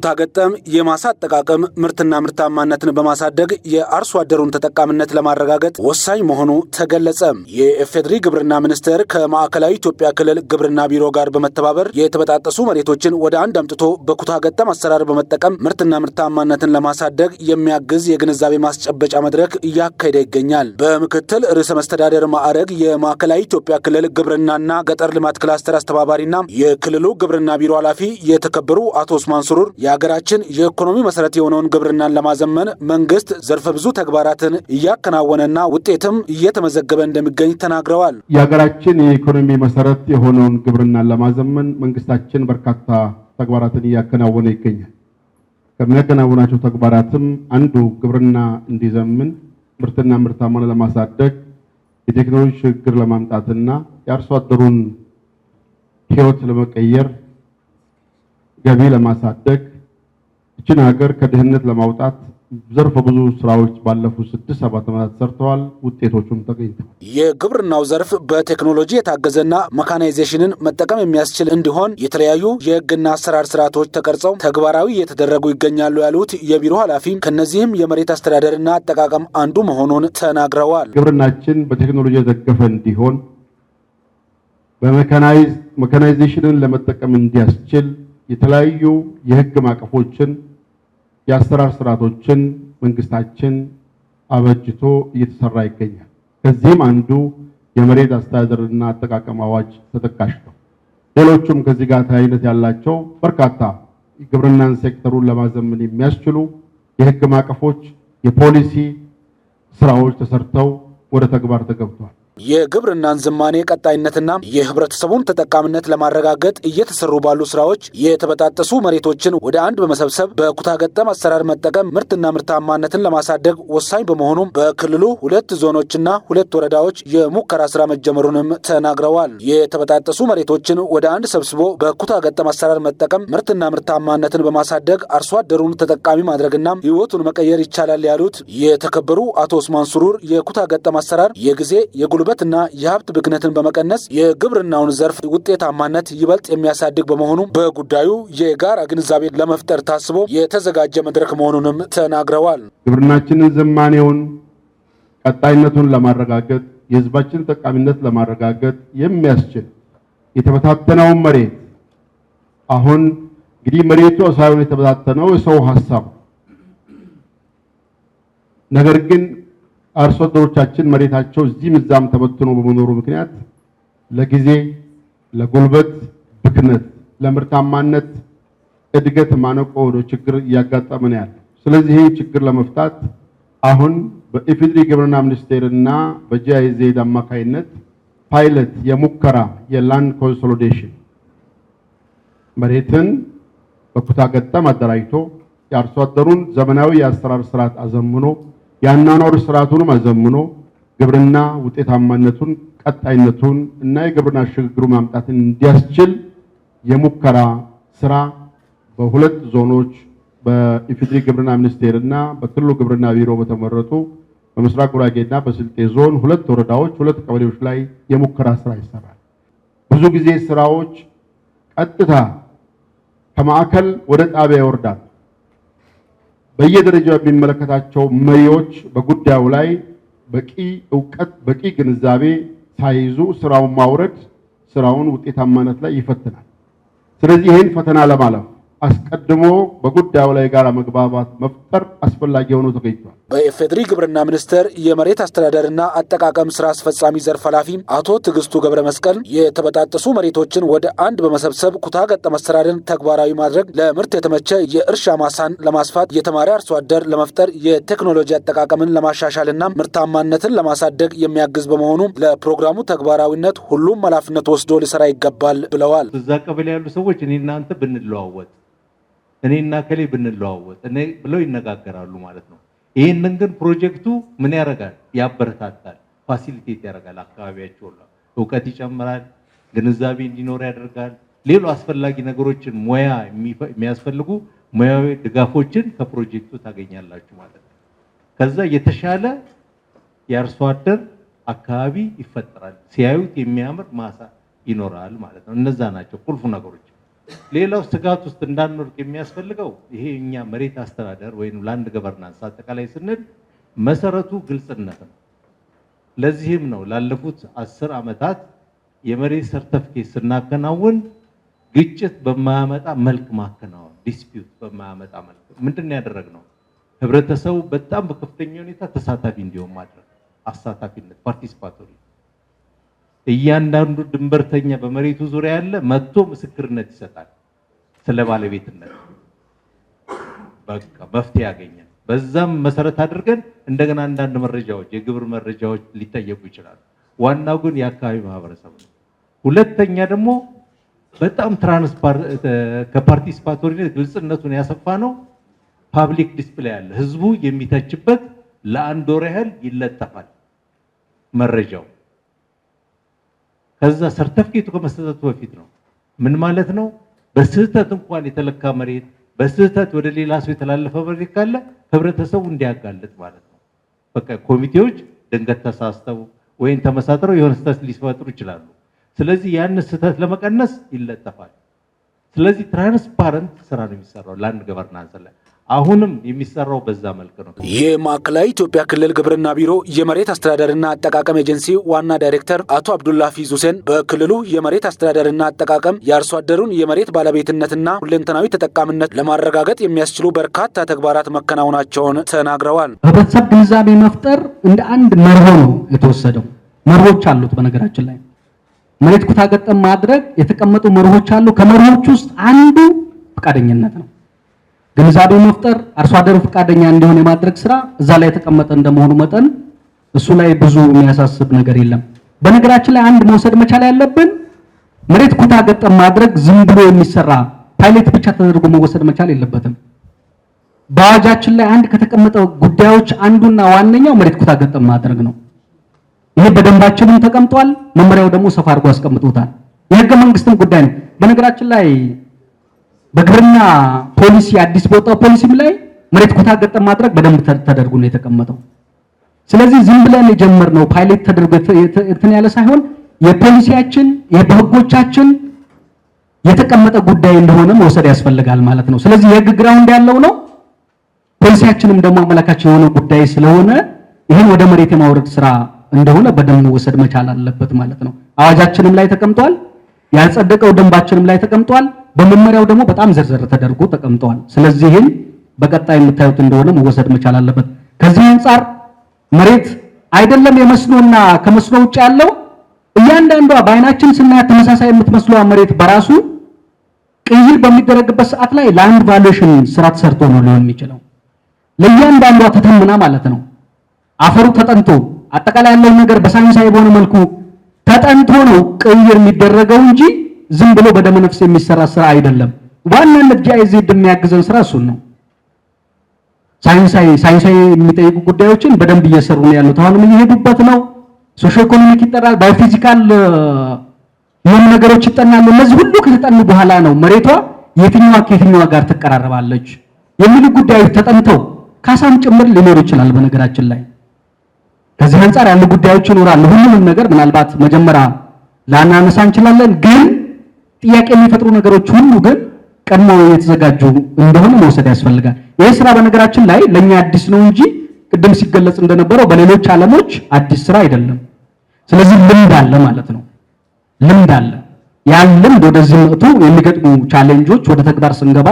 ኩታ ገጠም የማሳ አጠቃቀም ምርትና ምርታማነትን በማሳደግ የአርሶ አደሩን ተጠቃሚነት ለማረጋገጥ ወሳኝ መሆኑ ተገለጸ። የኢፌዴሪ ግብርና ሚኒስቴር ከማዕከላዊ ኢትዮጵያ ክልል ግብርና ቢሮ ጋር በመተባበር የተበጣጠሱ መሬቶችን ወደ አንድ አምጥቶ በኩታ ገጠም አሰራር በመጠቀም ምርትና ምርታማነትን ለማሳደግ የሚያግዝ የግንዛቤ ማስጨበጫ መድረክ እያካሄደ ይገኛል። በምክትል ርዕሰ መስተዳደር ማዕረግ የማዕከላዊ ኢትዮጵያ ክልል ግብርናና ገጠር ልማት ክላስተር አስተባባሪና የክልሉ ግብርና ቢሮ ኃላፊ የተከበሩ አቶ ኡስማን ሱሩር የሀገራችን የኢኮኖሚ መሰረት የሆነውን ግብርናን ለማዘመን መንግስት ዘርፈ ብዙ ተግባራትን እያከናወነና ውጤትም እየተመዘገበ እንደሚገኝ ተናግረዋል። የሀገራችን የኢኮኖሚ መሰረት የሆነውን ግብርናን ለማዘመን መንግስታችን በርካታ ተግባራትን እያከናወነ ይገኛል። ከሚያከናውናቸው ተግባራትም አንዱ ግብርና እንዲዘምን ምርትና ምርታማን ለማሳደግ የቴክኖሎጂ ሽግግር ለማምጣትና የአርሶ አደሩን ህይወት ለመቀየር ገቢ ለማሳደግ እችን ሀገር ከድህነት ለማውጣት ዘርፈ ብዙ ስራዎች ባለፉት ስድስት ሰባት ዓመታት ሰርተዋል። ውጤቶቹም ተገኝተዋል። የግብርናው ዘርፍ በቴክኖሎጂ የታገዘና መካናይዜሽንን መጠቀም የሚያስችል እንዲሆን የተለያዩ የህግና አሰራር ስርዓቶች ተቀርጸው ተግባራዊ እየተደረጉ ይገኛሉ ያሉት የቢሮ ኃላፊ፣ ከእነዚህም የመሬት አስተዳደርና አጠቃቀም አንዱ መሆኑን ተናግረዋል። ግብርናችን በቴክኖሎጂ የደገፈ እንዲሆን በመካናይዜሽንን ለመጠቀም እንዲያስችል የተለያዩ የህግ ማዕቀፎችን የአሰራር ስርዓቶችን መንግስታችን አበጅቶ እየተሰራ ይገኛል። ከዚህም አንዱ የመሬት አስተዳደርና አጠቃቀም አዋጅ ተጠቃሽ ነው። ሌሎቹም ከዚህ ጋር ተያይነት ያላቸው በርካታ የግብርናን ሴክተሩን ለማዘመን የሚያስችሉ የህግ ማዕቀፎች፣ የፖሊሲ ስራዎች ተሰርተው ወደ ተግባር ተገብቷል። የግብርናን ዝማኔ ቀጣይነትና የህብረተሰቡን ተጠቃሚነት ለማረጋገጥ እየተሰሩ ባሉ ስራዎች የተበጣጠሱ መሬቶችን ወደ አንድ በመሰብሰብ በኩታ ገጠም አሰራር መጠቀም ምርትና ምርታማነትን ለማሳደግ ወሳኝ በመሆኑም በክልሉ ሁለት ዞኖችና ሁለት ወረዳዎች የሙከራ ስራ መጀመሩንም ተናግረዋል። የተበጣጠሱ መሬቶችን ወደ አንድ ሰብስቦ በኩታ ገጠም አሰራር መጠቀም ምርትና ምርታማነትን በማሳደግ አርሶ አደሩን ተጠቃሚ ማድረግና ህይወቱን መቀየር ይቻላል ያሉት የተከበሩ አቶ ኡስማን ሱሩር የኩታ ገጠም አሰራር የጊዜ የጉልበት የጉልበትና የሀብት ብክነትን በመቀነስ የግብርናውን ዘርፍ ውጤታማነት ይበልጥ የሚያሳድግ በመሆኑ በጉዳዩ የጋራ ግንዛቤ ለመፍጠር ታስቦ የተዘጋጀ መድረክ መሆኑንም ተናግረዋል። ግብርናችንን ዘማኔውን ቀጣይነቱን ለማረጋገጥ የህዝባችን ጠቃሚነት ለማረጋገጥ የሚያስችል የተበታተነውን መሬት አሁን እንግዲህ መሬቱ ሳይሆን የተበታተነው የሰው ሀሳብ ነገር ግን አርሶ አደሮቻችን መሬታቸው እዚህም እዛም ተበትኖ በመኖሩ ምክንያት ለጊዜ፣ ለጉልበት ብክነት፣ ለምርታማነት እድገት ማነቆ ወደ ችግር እያጋጠመን ያለ። ስለዚህ ይህን ችግር ለመፍታት አሁን በኢፌዴሪ ግብርና ሚኒስቴር እና በጂአይዜድ አማካይነት ፓይለት የሙከራ የላንድ ኮንሶሊዴሽን መሬትን በኩታ ገጠም አደራጅቶ የአርሶ አደሩን ዘመናዊ የአሰራር ስርዓት አዘምኖ የአኗኗር ስርዓቱን አዘምኖ ግብርና ውጤታማነቱን፣ ቀጣይነቱን እና የግብርና ሽግግሩ ማምጣትን እንዲያስችል የሙከራ ስራ በሁለት ዞኖች በኢፌዴሪ ግብርና ሚኒስቴር እና በክልሉ ግብርና ቢሮ በተመረጡ በምስራቅ እና በስልጤ ዞን ሁለት ወረዳዎች ሁለት ቀበሌዎች ላይ የሙከራ ስራ ይሰራል። ብዙ ጊዜ ስራዎች ቀጥታ ከማዕከል ወደ ጣቢያ ይወርዳል። በየደረጃው የሚመለከታቸው መሪዎች በጉዳዩ ላይ በቂ እውቀት፣ በቂ ግንዛቤ ሳይዙ ስራውን ማውረድ ስራውን ውጤታማነት ላይ ይፈትናል። ስለዚህ ይህን ፈተና ለማለፍ አስቀድሞ በጉዳዩ ላይ ጋራ መግባባት መፍጠር አስፈላጊ ሆኖ ተገኝቷል። በኢፌድሪ ግብርና ሚኒስቴር የመሬት አስተዳደርና አጠቃቀም ስራ አስፈጻሚ ዘርፍ ኃላፊ አቶ ትዕግስቱ ገብረ መስቀል የተበጣጠሱ መሬቶችን ወደ አንድ በመሰብሰብ ኩታ ገጠ አስተዳደርን ተግባራዊ ማድረግ፣ ለምርት የተመቸ የእርሻ ማሳን ለማስፋት፣ የተማሪ አርሶ አደር ለመፍጠር፣ የቴክኖሎጂ አጠቃቀምን ለማሻሻልና ምርታማነትን ለማሳደግ የሚያግዝ በመሆኑ ለፕሮግራሙ ተግባራዊነት ሁሉም ኃላፊነት ወስዶ ሊሰራ ይገባል ብለዋል። እዛ ቀበሌ ያሉ ሰዎች እኔ እናንተ ብንለዋወጥ፣ እኔ እና ከሌ ብንለዋወጥ ብለው ይነጋገራሉ ማለት ነው ይህንን ግን ፕሮጀክቱ ምን ያደርጋል? ያበረታታል፣ ፋሲሊቴት ያደርጋል። አካባቢያቸው እውቀት ይጨምራል፣ ግንዛቤ እንዲኖር ያደርጋል። ሌሎ አስፈላጊ ነገሮችን ሙያ የሚያስፈልጉ ሙያዊ ድጋፎችን ከፕሮጀክቱ ታገኛላችሁ ማለት ነው። ከዛ የተሻለ የአርሶ አደር አካባቢ ይፈጠራል። ሲያዩት የሚያምር ማሳ ይኖራል ማለት ነው። እነዛ ናቸው ቁልፉ ነገሮች። ሌላው ስጋት ውስጥ እንዳንወድቅ የሚያስፈልገው ይሄ እኛ መሬት አስተዳደር ወይም ላንድ ገቨርናንስ አጠቃላይ ስንል መሰረቱ ግልጽነት ነው። ለዚህም ነው ላለፉት አስር ዓመታት የመሬት ሰርተፍኬት ስናከናውን ግጭት በማያመጣ መልክ ማከናወን፣ ዲስፒዩት በማያመጣ መልክ ምንድን ያደረግነው ህብረተሰቡ በጣም በከፍተኛ ሁኔታ ተሳታፊ እንዲሆን ማድረግ አሳታፊነት ፓርቲሲፓቶሪ እያንዳንዱ ድንበርተኛ በመሬቱ ዙሪያ ያለ መጥቶ ምስክርነት ይሰጣል ስለ ባለቤትነት። በቃ መፍትሄ ያገኛል። በዛም መሰረት አድርገን እንደገና አንዳንድ መረጃዎች የግብር መረጃዎች ሊጠየቁ ይችላሉ። ዋናው ግን የአካባቢ ማህበረሰብ ነው። ሁለተኛ ደግሞ በጣም ከፓርቲስፓቶሪነት ግልጽነቱን ያሰፋ ነው። ፓብሊክ ዲስፕሌይ አለ። ህዝቡ የሚተችበት ለአንድ ወር ያህል ይለጠፋል መረጃው ከዛ ሰርተፍኬቱ ከመሰጠቱ በፊት ነው። ምን ማለት ነው? በስህተት እንኳን የተለካ መሬት በስህተት ወደ ሌላ ሰው የተላለፈ መሬት ካለ ህብረተሰቡ እንዲያጋልጥ ማለት ነው። በቃ ኮሚቴዎች ድንገት ተሳስተው ወይም ተመሳጥረው የሆነ ስህተት ሊፈጥሩ ይችላሉ። ስለዚህ ያን ስህተት ለመቀነስ ይለጠፋል። ስለዚህ ትራንስፓረንት ስራ ነው የሚሰራው ለአንድ ገቨርናንስ ላይ አሁንም የሚሰራው በዛ መልክ ነው። የማዕከላዊ ኢትዮጵያ ክልል ግብርና ቢሮ የመሬት አስተዳደርና አጠቃቀም ኤጀንሲ ዋና ዳይሬክተር አቶ አብዱላ ፊዝ ሁሴን በክልሉ የመሬት አስተዳደርና አጠቃቀም የአርሶ አደሩን የመሬት ባለቤትነትና ሁለንተናዊ ተጠቃሚነት ለማረጋገጥ የሚያስችሉ በርካታ ተግባራት መከናወናቸውን ተናግረዋል። ህብረተሰብ ግንዛቤ መፍጠር እንደ አንድ መርሆ ነው የተወሰደው። መርሆች አሉት። በነገራችን ላይ መሬት ኩታገጠም ማድረግ የተቀመጡ መርሆች አሉ። ከመርሆች ውስጥ አንዱ ፈቃደኝነት ነው። ግንዛቤ መፍጠር አርሶ አደሩ ፈቃደኛ እንዲሆን የማድረግ ስራ እዛ ላይ የተቀመጠ እንደመሆኑ መጠን እሱ ላይ ብዙ የሚያሳስብ ነገር የለም። በነገራችን ላይ አንድ መውሰድ መቻል ያለብን መሬት ኩታ ገጠም ማድረግ ዝም ብሎ የሚሰራ ፓይለት ብቻ ተደርጎ መወሰድ መቻል የለበትም። በአዋጃችን ላይ አንድ ከተቀመጠ ጉዳዮች አንዱና ዋነኛው መሬት ኩታ ገጠም ማድረግ ነው። ይሄ በደንባችንም ተቀምጧል። መመሪያው ደግሞ ሰፋ አድርጎ አስቀምጦታል። የህገ መንግስትም ጉዳይ ነው በነገራችን ላይ በግብርና ፖሊሲ አዲስ በወጣው ፖሊሲም ላይ መሬት ኩታ ገጠም ማድረግ በደንብ ተደርጎ ነው የተቀመጠው። ስለዚህ ዝም ብለን የጀመርነው ፓይለት ተደርጎ እንትን ያለ ሳይሆን የፖሊሲያችን የህጎቻችን የተቀመጠ ጉዳይ እንደሆነ መውሰድ ያስፈልጋል ማለት ነው። ስለዚህ የህግ ግራውንድ ያለው ነው። ፖሊሲያችንም ደግሞ አመላካችን የሆነ ጉዳይ ስለሆነ ይህን ወደ መሬት የማውረድ ስራ እንደሆነ በደንብ መወሰድ መቻል አለበት ማለት ነው። አዋጃችንም ላይ ተቀምጧል። ያጸደቀው ደንባችንም ላይ ተቀምጧል። በመመሪያው ደግሞ በጣም ዝርዝር ተደርጎ ተቀምጠዋል። ስለዚህም በቀጣይ የምታዩት እንደሆነ መወሰድ መቻል አለበት። ከዚህ አንጻር መሬት አይደለም የመስኖና ከመስኖ ውጭ ያለው እያንዳንዷ በአይናችን ስናያት ተመሳሳይ የምትመስለዋ መሬት በራሱ ቅይር በሚደረግበት ሰዓት ላይ ለአንድ ቫሉዌሽን ስራ ተሰርቶ ነው ሊሆን የሚችለው። ለእያንዳንዷ ተተምና ማለት ነው። አፈሩ ተጠንቶ አጠቃላይ ያለው ነገር በሳይንሳዊ በሆነ መልኩ ተጠንቶ ነው ቅይር የሚደረገው እንጂ ዝም ብሎ ነፍስ የሚሰራ ስራ አይደለም። ዋናነት ጃይዜድ የሚያግዘን ስራ እሱን ነው። ሳይንሳዊ ሳይንሳዊ የሚጠይቁ ጉዳዮችን በደንብ እየሰሩ ነው ያሉት። አሁንም እየሄዱበት ነው። ሶሾ ኢኮኖሚክ ይጠናል፣ ባዮፊዚካል የሆኑ ነገሮች ይጠናሉ። እነዚህ ሁሉ ከተጠኑ በኋላ ነው መሬቷ የትኛዋ ከየትኛዋ ጋር ትቀራረባለች የሚሉ ጉዳዮች ተጠንተው ካሳም ጭምር ሊኖር ይችላል። በነገራችን ላይ ከዚህ አንጻር ያሉ ጉዳዮች ይኖራሉ። ሁሉንም ነገር ምናልባት መጀመሪያ ላናነሳ እንችላለን ግን ጥያቄ የሚፈጥሩ ነገሮች ሁሉ ግን ቀድሞ የተዘጋጁ እንደሆነ መውሰድ ያስፈልጋል። ይህ ስራ በነገራችን ላይ ለእኛ አዲስ ነው እንጂ ቅድም ሲገለጽ እንደነበረው በሌሎች ዓለሞች አዲስ ስራ አይደለም። ስለዚህ ልምድ አለ ማለት ነው። ልምድ አለ። ያን ልምድ ወደዚህ መጥቶ የሚገጥሙ ቻሌንጆች ወደ ተግባር ስንገባ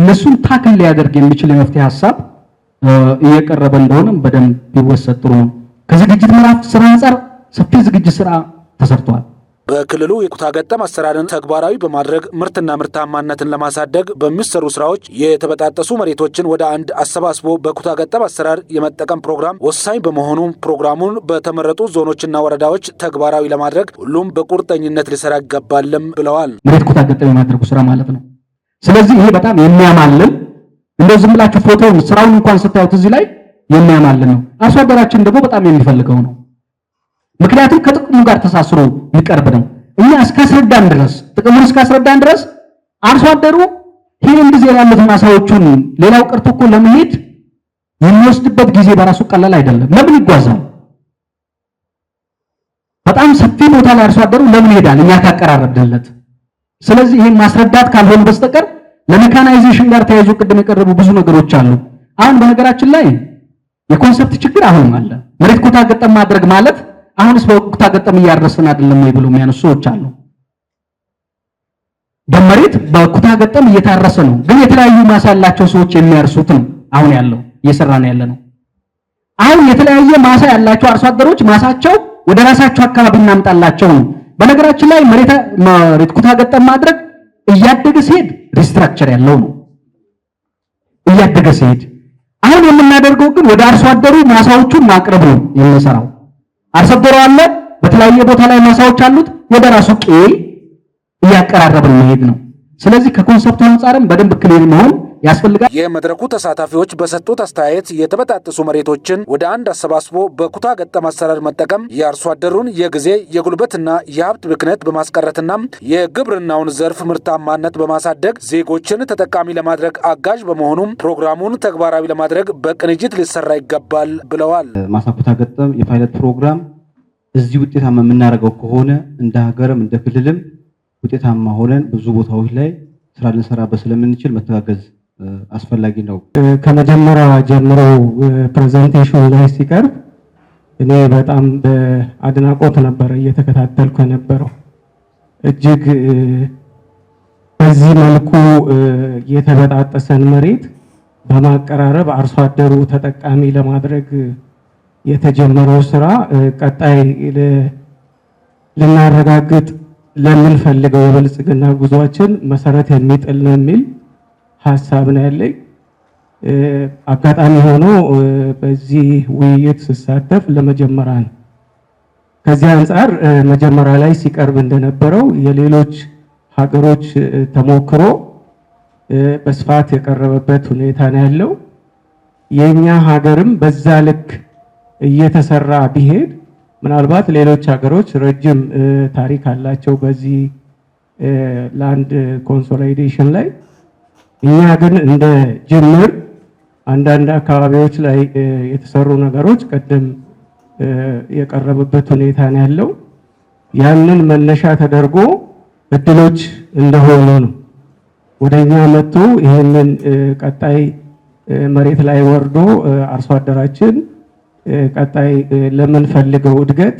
እነሱን ታክል ሊያደርግ የሚችል የመፍትሄ ሀሳብ እየቀረበ እንደሆነም በደንብ ቢወሰድ ጥሩ ነው። ከዝግጅት ምዕራፍ ስራ አንጻር ሰፊ ዝግጅት ስራ ተሰርቷል። በክልሉ የኩታ ገጠም አሰራርን ተግባራዊ በማድረግ ምርትና ምርታማነትን ለማሳደግ በሚሰሩ ስራዎች የተበጣጠሱ መሬቶችን ወደ አንድ አሰባስቦ በኩታ ገጠም አሰራር የመጠቀም ፕሮግራም ወሳኝ በመሆኑ ፕሮግራሙን በተመረጡ ዞኖችና ወረዳዎች ተግባራዊ ለማድረግ ሁሉም በቁርጠኝነት ሊሰራ ይገባልም ብለዋል። መሬት ኩታ ገጠም የማድረጉ ስራ ማለት ነው። ስለዚህ ይሄ በጣም የሚያማልን እንደው ዝም ብላችሁ ፎቶውን ስራውን እንኳን ስታዩት እዚህ ላይ የሚያማልን ነው። አርሶ አደራችን ደግሞ በጣም የሚፈልገው ነው። ምክንያቱም ከጥቅሙ ጋር ተሳስሮ የሚቀርብ ነው። እኛ እስካስረዳን ድረስ ጥቅሙን እስካስረዳን ድረስ አርሶ አደሩ ይህን እንደዚህ ያሉት ማሳዎቹን ሌላው ቀርቶ እኮ ለመሄድ የሚወስድበት ጊዜ በራሱ ቀላል አይደለም። ለምን ይጓዛል? በጣም ሰፊ ቦታ ላይ አርሶ አደሩ ለምን ይሄዳል? እኛ ካቀራረብንለት። ስለዚህ ይህን ማስረዳት ካልሆን በስተቀር ለሜካናይዜሽን ጋር ተያይዞ ቅድም የቀረቡ ብዙ ነገሮች አሉ። አሁን በነገራችን ላይ የኮንሰፕት ችግር አሁንም አለ። መሬት ኮታ ገጠም ማድረግ ማለት አሁንስ በወቅታ ገጠም እያረስን አይደለም ወይ ብሎ የሚያነሱ ሰዎች አሉ። በመሬት በኩታ ገጠም እየታረሰ ነው፣ ግን የተለያዩ ማሳ ያላቸው ሰዎች የሚያርሱት ነው አሁን ያለው እየሰራን ያለ ነው። አሁን የተለያየ ማሳ ያላቸው አርሶ አደሮች ማሳቸው ወደ ራሳቸው አካባቢ እናምጣላቸው ነው። በነገራችን ላይ መሬት ኩታ ገጠም ማድረግ እያደገ ሲሄድ ሪስትራክቸር ያለው ነው እያደገ ሲሄድ። አሁን የምናደርገው ግን ወደ አርሶ አደሩ ማሳዎቹን ማቅረብ ነው የምንሰራው። አርሶአደሩ አለ፣ በተለያየ ቦታ ላይ ማሳዎች አሉት። ወደ ራሱ ቄ እያቀራረብን መሄድ ነው። ስለዚህ ከኮንሰፕቱ አንጻርም በደንብ ክሊር መሆን ያስፈልጋል። የመድረኩ ተሳታፊዎች በሰጡት አስተያየት የተበጣጠሱ መሬቶችን ወደ አንድ አሰባስቦ በኩታ ገጠም አሰራር መጠቀም የአርሶ አደሩን የጊዜ የጉልበትና የሀብት ብክነት በማስቀረትና የግብርናውን ዘርፍ ምርታማነት በማሳደግ ዜጎችን ተጠቃሚ ለማድረግ አጋዥ በመሆኑም ፕሮግራሙን ተግባራዊ ለማድረግ በቅንጅት ሊሰራ ይገባል ብለዋል። ማሳ ኩታ ገጠም የፓይለት ፕሮግራም እዚህ ውጤታማ የምናደርገው ከሆነ እንደ ሀገርም እንደ ክልልም ውጤታማ ሆነን ብዙ ቦታዎች ላይ ስራ ልንሰራበት ስለምንችል መተጋገዝ አስፈላጊ ነው። ከመጀመሪያ ጀምሮ ፕሬዘንቴሽን ላይ ሲቀርብ እኔ በጣም በአድናቆት ነበረ እየተከታተልኩ የነበረው እጅግ በዚህ መልኩ የተበጣጠሰን መሬት በማቀራረብ አርሶ አደሩ ተጠቃሚ ለማድረግ የተጀመረው ስራ ቀጣይ ልናረጋግጥ ለምንፈልገው የብልጽግና ጉዟችን መሰረት የሚጥል ነው የሚል ሀሳብ ነው ያለኝ። አጋጣሚ ሆኖ በዚህ ውይይት ስሳተፍ ለመጀመሪያ ነው። ከዚህ አንጻር መጀመሪያ ላይ ሲቀርብ እንደነበረው የሌሎች ሀገሮች ተሞክሮ በስፋት የቀረበበት ሁኔታ ነው ያለው። የእኛ ሀገርም በዛ ልክ እየተሰራ ቢሄድ ምናልባት ሌሎች ሀገሮች ረጅም ታሪክ አላቸው በዚህ ላንድ ኮንሶሊዴሽን ላይ እኛ ግን እንደ ጅምር አንዳንድ አካባቢዎች ላይ የተሰሩ ነገሮች ቀደም የቀረበበት ሁኔታ ነው ያለው። ያንን መነሻ ተደርጎ እድሎች እንደሆኑ ነው ወደኛ መጥቶ ይህንን ቀጣይ መሬት ላይ ወርዶ አርሶ አደራችን ቀጣይ ለምንፈልገው እድገት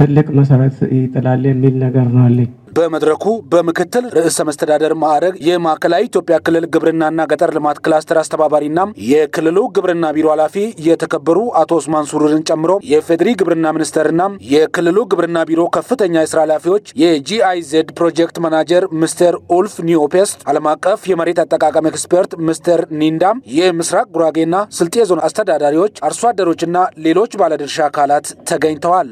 ትልቅ መሰረት ይጥላል የሚል ነገር ነው አለኝ። በመድረኩ በምክትል ርዕሰ መስተዳደር ማዕረግ የማዕከላዊ ኢትዮጵያ ክልል ግብርናና ገጠር ልማት ክላስተር አስተባባሪና የክልሉ ግብርና ቢሮ ኃላፊ የተከበሩ አቶ ኡስማን ሱሩርን ጨምሮ የፌዴሪ ግብርና ሚኒስቴርና የክልሉ ግብርና ቢሮ ከፍተኛ የስራ ኃላፊዎች፣ የጂአይዜድ ፕሮጀክት ማናጀር ምስተር ኡልፍ ኒዮፔስት፣ ዓለም አቀፍ የመሬት አጠቃቀም ኤክስፐርት ምስተር ኒንዳም፣ የምስራቅ ጉራጌና ስልጤ ዞን አስተዳዳሪዎች፣ አርሶ አደሮችና ሌሎች ባለድርሻ አካላት ተገኝተዋል።